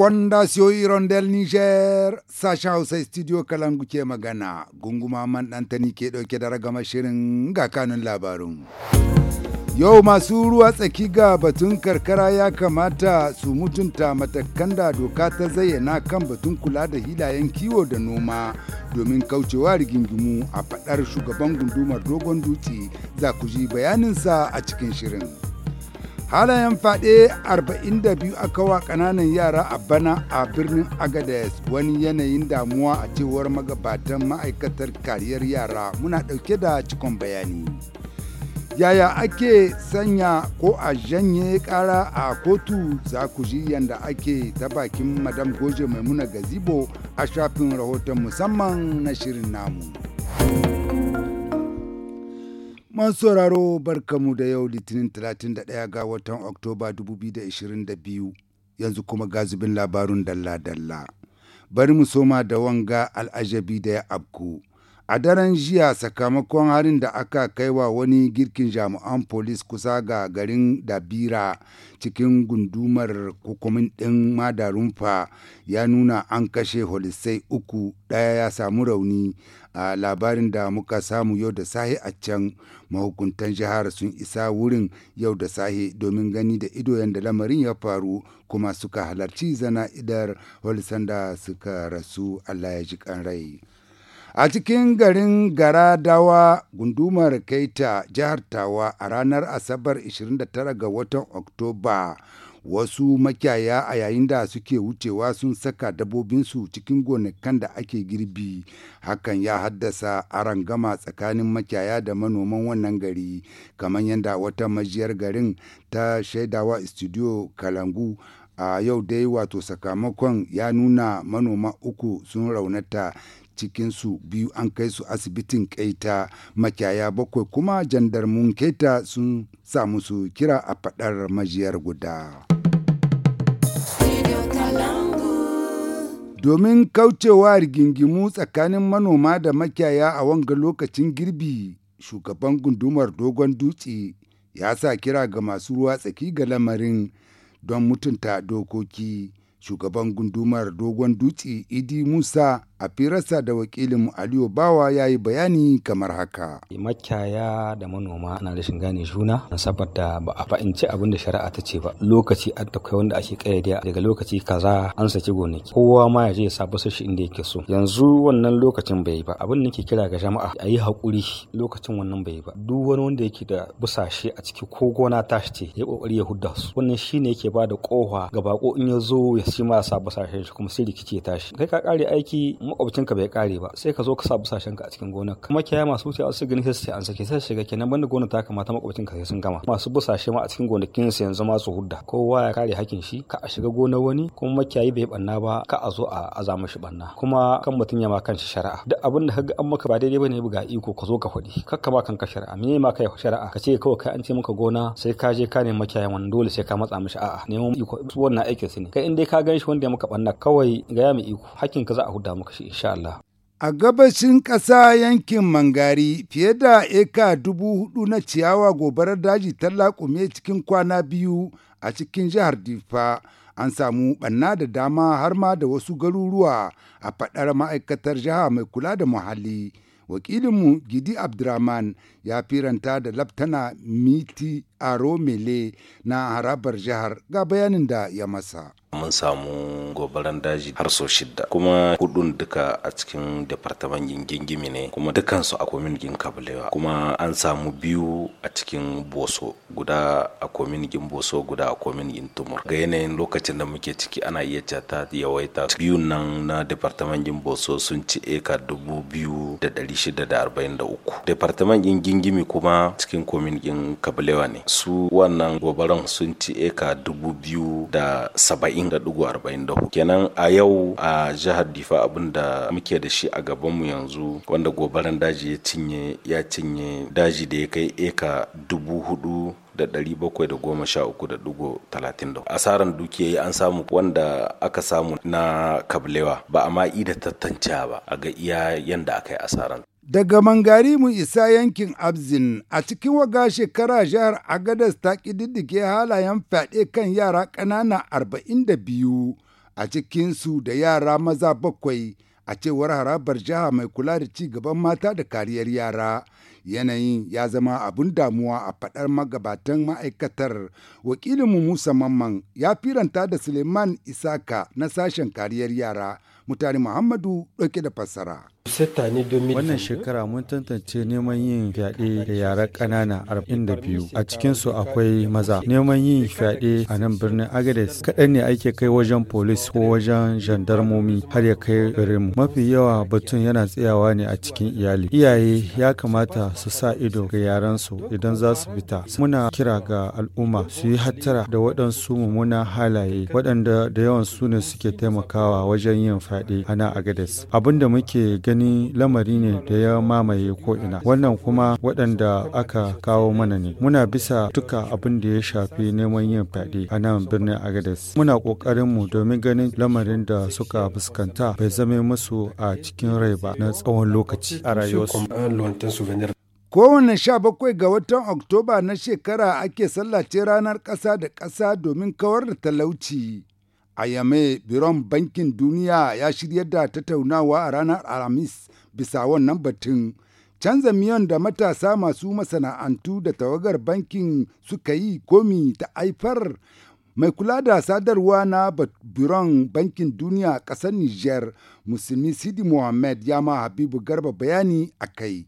fondation irondel niger sacha hausa studio kalangu ke magana gunguma man tani ke dauke da ragama shirin ga kanun labarin yau masu ruwa tsaki ga batun karkara ya kamata su mutunta matakan da doka ta zayyana kan batun kula da hilayen kiwo da noma domin kaucewa rigingimu a faɗar shugaban gundumar dogon dutse za ku ji bayaninsa a cikin shirin. halayen fade 42 aka wa kananan yara a bana a birnin agadez wani yanayin damuwa a cewar magabatan ma'aikatar kariyar yara muna dauke da cikon bayani yaya ake sanya ko a janye kara a kotu za ku ji yadda ake ta bakin madam goje maimuna gazibo a shafin rahoton musamman na shirin namu. Masu sauraro barkamu da yau Litinin 31 ga watan Oktoba 2022 yanzu kuma gazubin labarun dalla-dalla. Bari mu soma da wanga al'ajabi da ya abku. A daren jiya sakamakon harin da aka kai wa wani girkin jami'an polis kusa ga garin Dabira cikin gundumar hukumin ɗin rumfa ya nuna an kashe holisai uku ɗaya ya samu rauni a labarin da muka samu yau da sahi a can mahukuntan jihar sun isa wurin yau da sahi domin gani da ido yadda lamarin ya faru kuma suka halarci zana idar holisan da suka rasu Allah ya ji kan rai. A cikin garin Garadawa, gundumar Kaita, jihar Tawa a ranar Asabar 29 ga watan Oktoba, wasu makiyaya a yayin da suke wucewa sun saka dabobinsu cikin gonakan da ake girbi hakan ya haddasa arangama tsakanin makiyaya da manoman wannan gari kamar yadda wata majiyar garin ta shaidawa studio kalangu a yau dai wato sakamakon ya nuna manoma uku sun raunata cikin su biyu an kai su asibitin kaita makiyaya bakwai kuma jandarmun keta sun samu su kira a fadar majiyar guda. Domin kaucewa rigingimu tsakanin manoma da makiyaya a wanga lokacin girbi, shugaban gundumar dogon dutse ya sa kira ga masu ruwa tsaki ga lamarin don mutunta dokoki. Shugaban gundumar dogon dutse Idi Musa a firarsa da wakilin aliyu bawa ya yi bayani kamar haka makiyaya da manoma ana rashin gane juna saboda ba a fahimci abin da shari'a ta ce ba lokaci an takwai wanda ake kayyade daga lokaci kaza an saki gonaki kowa ma ya je ya sabu shi inda yake so yanzu wannan lokacin bai ba abin da ke kira ga jama'a a yi hakuri lokacin wannan bai ba duk wani wanda yake da busashe a ciki ko gona tashi ce ya kokari ya hudda su wannan shi ne yake ba da kowa ga bako in ya zo ya shi ma sa shi kuma sai rikici ya tashi kai ka kare aiki makwabcinka bai kare ba sai ka zo ka sa busashen ka a cikin gonar kuma kiyaye masu wuce su gani sai an sake sai shiga kenan banda gonar ta kamata makwabcinka sai sun gama masu busashe ma a cikin gonakin su yanzu ma su hudda kowa ya kare hakkin shi ka a shiga gonar wani kuma makiyayi bai banna ba ka a zo a aza mishi banna kuma kan mutum ya ma kanshi shari'a duk abin da kaga an maka ba daidai bane buga iko ka zo ka faɗi kakka ma kanka shari'a me ma kai shari'a ka ce kawai kai an ce maka gona sai ka je ka nemi makiyayin wani dole sai ka matsa mishi a'a neman iko wannan aikin su ne kai in dai ka gan shi wanda ya maka banna kawai ga ya mai iko hakkin ka za a hudda maka shi insha Allah. A gabashin ƙasa yankin Mangari fiye da eka dubu hudu na ciyawa gobarar daji ta laƙume cikin kwana biyu a cikin jihar Difa an samu ɓanna da dama har ma da wasu garuruwa a faɗar ma'aikatar jiha mai kula da muhalli. Wakilinmu Gidi Abdurrahman ya firanta da Laftana Miti aromele na harabar jihar ga bayanin da ya masa. mun samu gobaran daji har so shidda kuma hudun duka a cikin departaman gingimi ne kuma dukkan su a kwaminigin kabilewa kuma an samu biyu a cikin boso guda a kwaminigin boso guda a kwaminigin tumur ga yanayin lokacin da muke ciki ana iya cata yawaita biyu nan na departaman gin boso sun ci eka dubu biyu da dari shida da arba'in da uku departaman gin gingimi kuma cikin kwaminigin kabilewa ne su wannan gobaran sun ci eka dubu biyu da saba'in 40.44 kenan a yau a jihar difa abin da muke da shi a gabanmu yanzu wanda gobaran daji ya cinye ya cinye daji da ya kai eka dubu hudu da ɗari bakwai da goma sha uku da dugo talatin da asaran dukiyoyi an samu wanda aka samu na kablewa ba a ma da ba a ga iya yanda aka yi asaran Daga Mangari mu isa yankin Abzin a cikin waga shekara jihar Agadas ta ƙididdige halayen fyaɗe kan yara ƙanana arba'in da biyu, a cikinsu da yara maza bakwai a cewar harabar jiha mai kula da ci gaban mata da kariyar yara. Yanayin ya zama abin damuwa a faɗar magabatan ma'aikatar wakilinmu Musa Mamman ya firanta da Suleiman Isaka na sashen kariyar yara. Mutane Muhammadu ɗauke da fassara. Wannan shekara mun tantance neman yin fyaɗe da yara ƙanana arba'in da biyu. a cikinsu akwai maza. Neman yin fyaɗe a nan birnin Agades kaɗan ne ake kai wajen polis ko wajen jandarmomi har ya kai mu. Mafi yawa batun yana tsayawa ne a cikin iyali. Iyaye ya kamata su sa ido ga yaransu idan za su fita. Muna kira ga al'umma su yi hattara da waɗansu mummuna halaye waɗanda da yawan su ne suke taimakawa wajen yin fyaɗe a nan Agades. abinda da muke gani lamari ne da ya mamaye ko'ina wannan kuma waɗanda aka kawo mana ne muna bisa duka abin da ya shafi neman yin fyaɗe a nan birnin agades muna mu domin ganin lamarin da suka fuskanta bai zame musu a cikin rai ba na tsawon lokaci a rayuwarsu Kowane sha bakwai ga watan Oktoba na shekara ake sallace ranar ƙasa da ƙasa domin kawar da talauci. a yame biron bankin duniya ya shirya da tattaunawa a ranar alhamis bisa wannan batun canza miyan da matasa masu masana'antu da tawagar bankin suka yi komi ta haifar mai kula da sadarwa na biron bankin duniya ƙasar niger musulmi sidi mohammed ya ma habibu garba bayani a kai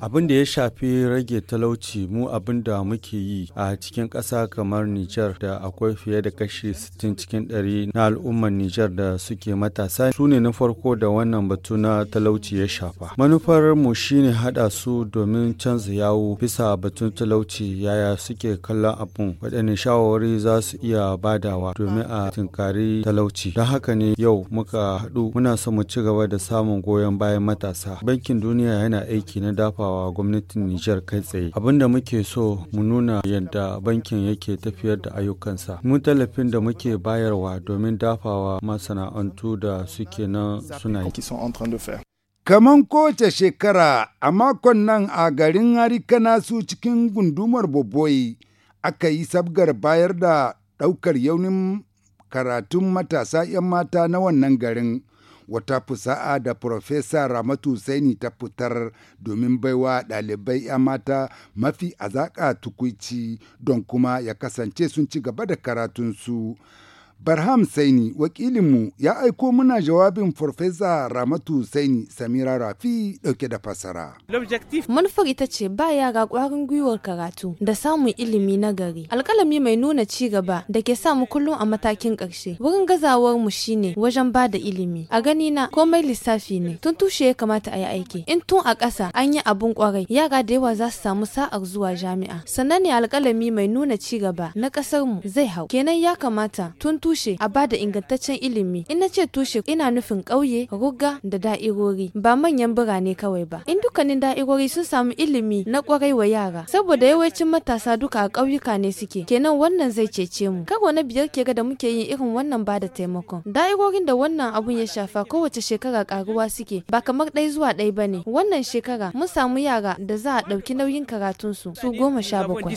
Abin da ya shafi rage talauci mu abin da muke yi a cikin ƙasa kamar niger da akwai fiye da kashi 60 cikin 100 na al'ummar niger da suke matasa su ne na farko da wannan batu na talauci ya shafa. Manufar mu shine haɗa su domin canza yawo bisa batun talauci yaya suke kallon abun waɗanne shawarwari za su iya badawa domin a tinkari talauci. Don haka ne yau muka haɗu muna so mu ci gaba da samun goyon bayan matasa. Bankin Duniya yana aiki na dafawa gwamnatin Nijar kai tsaye. Abin da muke so mu nuna yadda bankin yake tafiyar da ayyukansa. mun tallafin da muke bayarwa domin dafawa masana'antu da suke nan suna yi. Kaman kowace shekara a makon nan a garin Harikanasu cikin gundumar Boboyi aka yi sabgar bayar da ɗaukar yaunin karatun matasa 'yan mata na wannan garin wata fusa'a da Profesa Ramatu Saini ta fitar domin baiwa ɗalibai 'yan mata mafi azaƙa tukuici don kuma ya kasance sun ci gaba da karatunsu. Barham Saini wakilinmu ya aiko muna jawabin Farfesa Ramatu Saini Samira Rafi dauke da fasara. Manufar ita ce ba yara ƙwarin gwiwar karatu da samun ilimi na gari. alkalami mai nuna ci gaba da ke sa kullum a matakin ƙarshe. Wurin gazawar mu shine wajen ba da ilimi. A gani na komai lissafi ne. Tun tushe ya kamata a yi aiki. In tun a ƙasa an yi abun ƙwarai yara da yawa za su samu sa'ar zuwa jami'a. Sannan ne alƙalami mai nuna ci gaba na ƙasar mu zai hau. Kenan ya kamata tun tushe tushe a bada ingantaccen ilimi in na ce tushe ina nufin ƙauye ruga da da'irori ba manyan birane kawai ba in dukkanin da'irori sun samu ilimi na kwarai wa yara saboda yawancin matasa duka a ƙauyuka ne suke kenan wannan zai cece mu karo na biyar ke da muke yin irin wannan ba da taimakon da'irorin da wannan abun ya shafa kowace shekara karuwa suke ba kamar ɗaya zuwa ɗaya ba ne wannan shekara mun samu yara da za a ɗauki nauyin karatunsu su goma sha bakwai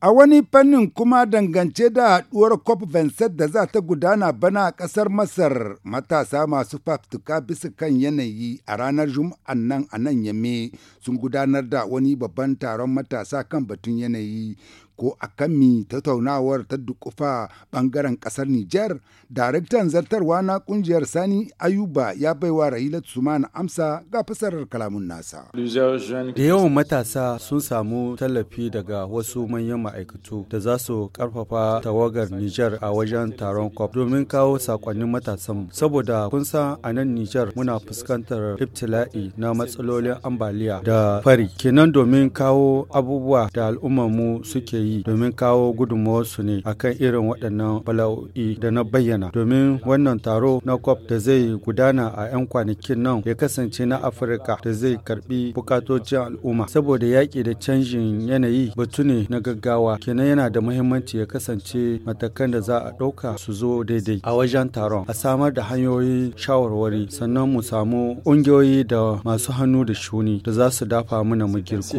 A wani fannin kuma dangance da haɗuwar cop Vincent da za ta gudana bana a ƙasar Masar matasa masu faftuka bisa kan yanayi a ranar Juma'an nan a nan Yame sun gudanar da wani babban taron matasa kan batun yanayi ko a kan mi tattaunawar ta dukufa bangaren kasar Nijar, daraktan zartarwa na kungiyar Sani Ayuba ya baiwa Rahilat Suman amsa ga fasarar kalamun nasa. Da yawan matasa sun samu tallafi daga wasu manyan ma'aikatu da za su karfafa tawagar Nijar a wajen taron kwaf. domin kawo sakonnin matasan saboda kun san a nan Nijar muna fuskantar ibtila'i na matsalolin ambaliya da fari kenan domin kawo abubuwa da al'ummarmu suke yi yi domin kawo gudunmawarsu ne akan irin waɗannan bala'o'i da na bayyana domin wannan taro na cop da zai gudana a 'yan kwanakin nan ya kasance na afirka da zai karbi bukatocin al'umma saboda yaƙi da canjin yanayi batu ne na gaggawa kenan yana da muhimmanci ya kasance matakan da za a ɗauka su zo daidai a wajen taron a samar da hanyoyi shawarwari sannan mu samu ƙungiyoyi da masu hannu da shuni da za su dafa mana mu girku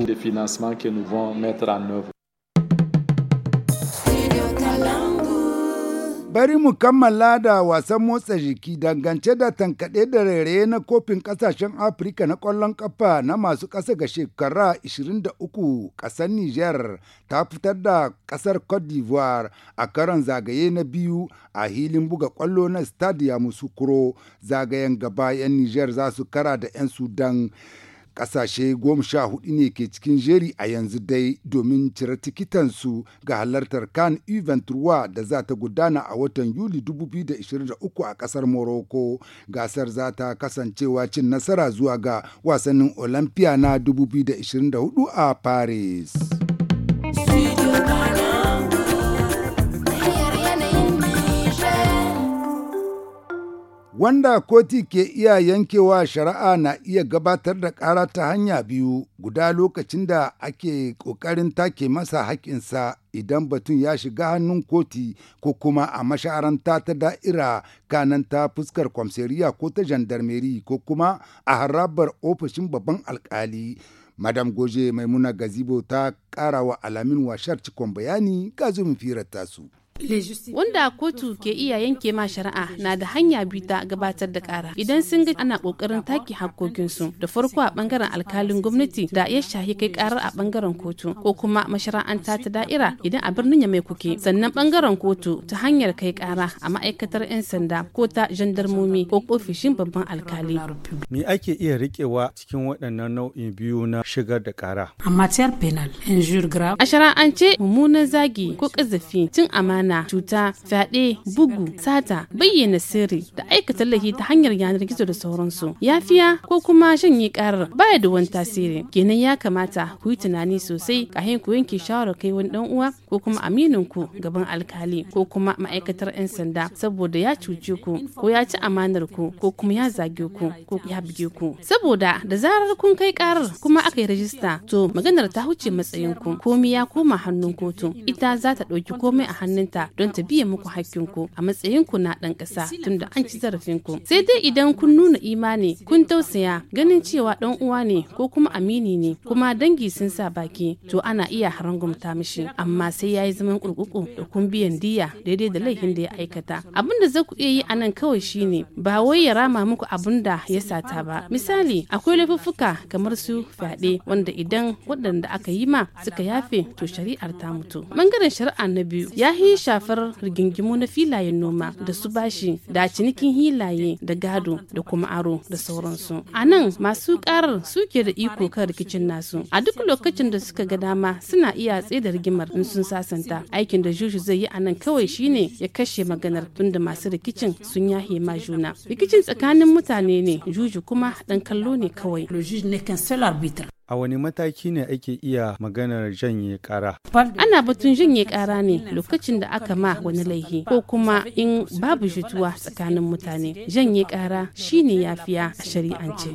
Bari mu kammala da wasan motsa jiki dangance da tankaɗe da rairaye na kofin ƙasashen Afirka na ƙwallon ƙafa na masu ƙasa ga shekara 23 ƙasar Nijar ta fitar da ƙasar Cote d'Ivoire a karon zagaye na biyu a hilin buga ƙwallo na Stadium Sukuro zagayen gaba 'yan Nijar za su kara da 'yan Sudan. kasashe goma sha hudu ne ke cikin jeri a yanzu dai domin cire tikitansu ga halartar kan ruwa da za ta gudana a watan Yuli 2023 a kasar Morocco. Gasar za ta kasancewa cin nasara zuwa ga wasannin Olympia na 2024 a Paris. wanda koti ke iya yankewa shari'a na iya gabatar da ƙara ta hanya biyu guda lokacin da ake ƙoƙarin take masa haƙƙinsa idan batun ya shiga hannun koti ko kuma a masharanta ta da'ira kanan ta fuskar kwamseriya ko ta jandarmeri ko kuma a harabar ofishin babban alkali madam goje maimuna gazibo ta ƙara wa alamin washar cikon bayani ga zumin firar tasu Wanda kotu ke iya yanke ma shari'a na da hanya biyu ta gabatar da kara. Idan sun ga ana kokarin take hakkokinsu da farko a bangaren alkalin gwamnati da ya shahi kai karar a bangaren kotu ko kuma mashara'anta ta da'ira idan a birnin ya mai kuke. Sannan bangaren kotu ta hanyar kai kara a ma'aikatar 'yan sanda ko ta jandarmomi ko ofishin babban alkali. Me ake iya rikewa cikin waɗannan nau'in biyu na shigar da kara? A matiyar penal, injure grave. A shara'ance mummunan zagi ko ƙazafi tun amana bayyana cuta fyaɗe bugu sata bayyana sirri da aikata laifi ta hanyar yanar gizo da sauransu yafiya ko kuma shanye karar baya da wani tasiri kenan ya kamata ku yi tunani sosai kafin ku yanke shawarar kai wani dan uwa ko kuma aminin ku gaban alkali ko kuma ma'aikatar yan sanda saboda ya cuce ku ko ya ci amanar ku ko kuma ya zage ku ko ya buge ku saboda da zarar kun kai karar kuma aka yi rajista to maganar ta huce matsayin ku komai ya koma hannun kotu ita za ta ɗauki komai a hannunta don ta biya muku hakkinku a matsayinku na ɗan ƙasa tunda an ci zarafinku. Sai dai idan kun nuna imani kun tausaya ganin cewa ɗan uwa ne ko kuma amini ne kuma dangi sun sa baki to ana iya harangumta mishi amma sai ya yi zaman kurkuku da kun biyan diya daidai da laifin da ya aikata. Abin da za ku iya yi anan kawai shine ba wai ya rama muku abin da ya sata ba. Misali akwai laifuffuka kamar su fyaɗe wanda idan waɗanda aka yi ma suka yafe to shari'ar ta mutu. Bangaren shari'a na biyu ya yi shafar rigingimu na filayen noma da su bashi da cinikin hilaye da gado da kuma aro da sauransu a nan masu karar suke da iko kan rikicin nasu a duk lokacin da suka ga dama suna iya tse da rigimar in sun sasanta aikin da jushi zai yi a nan kawai shine ya kashe maganar tunda masu rikicin sun yahe ma juna rikicin tsakanin mutane ne juju kuma dan kallo ne kawai A wani mataki ne ake iya maganar janye kara? Ana batun janye kara ne lokacin da aka ma wani laihi ko kuma in babu jituwa tsakanin mutane. Janye kara shine yafiya a shari'ance.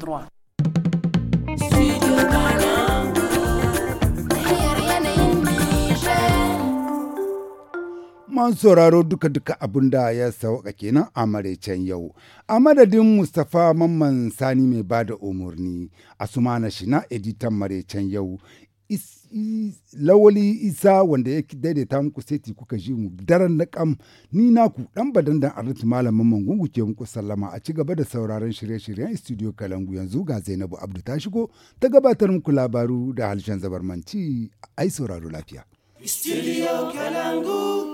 man sauraro duka-duka abin da ya sauka kenan a maraicen yau. A madadin Mustapha Mamman Sani mai ba da umarni, shi na editan maraicen yau, lawali isa wanda ya daidaita muku seti kuka ji mu daren na kam ni naku dan badan dan arziki malamin mangungu ke muku sallama a ci gaba da sauraron shirye-shiryen studio kalangu yanzu ga zainabu abdu ta shigo ta gabatar muku labaru da halshen zabarmanci ai sauraro lafiya studio kalangu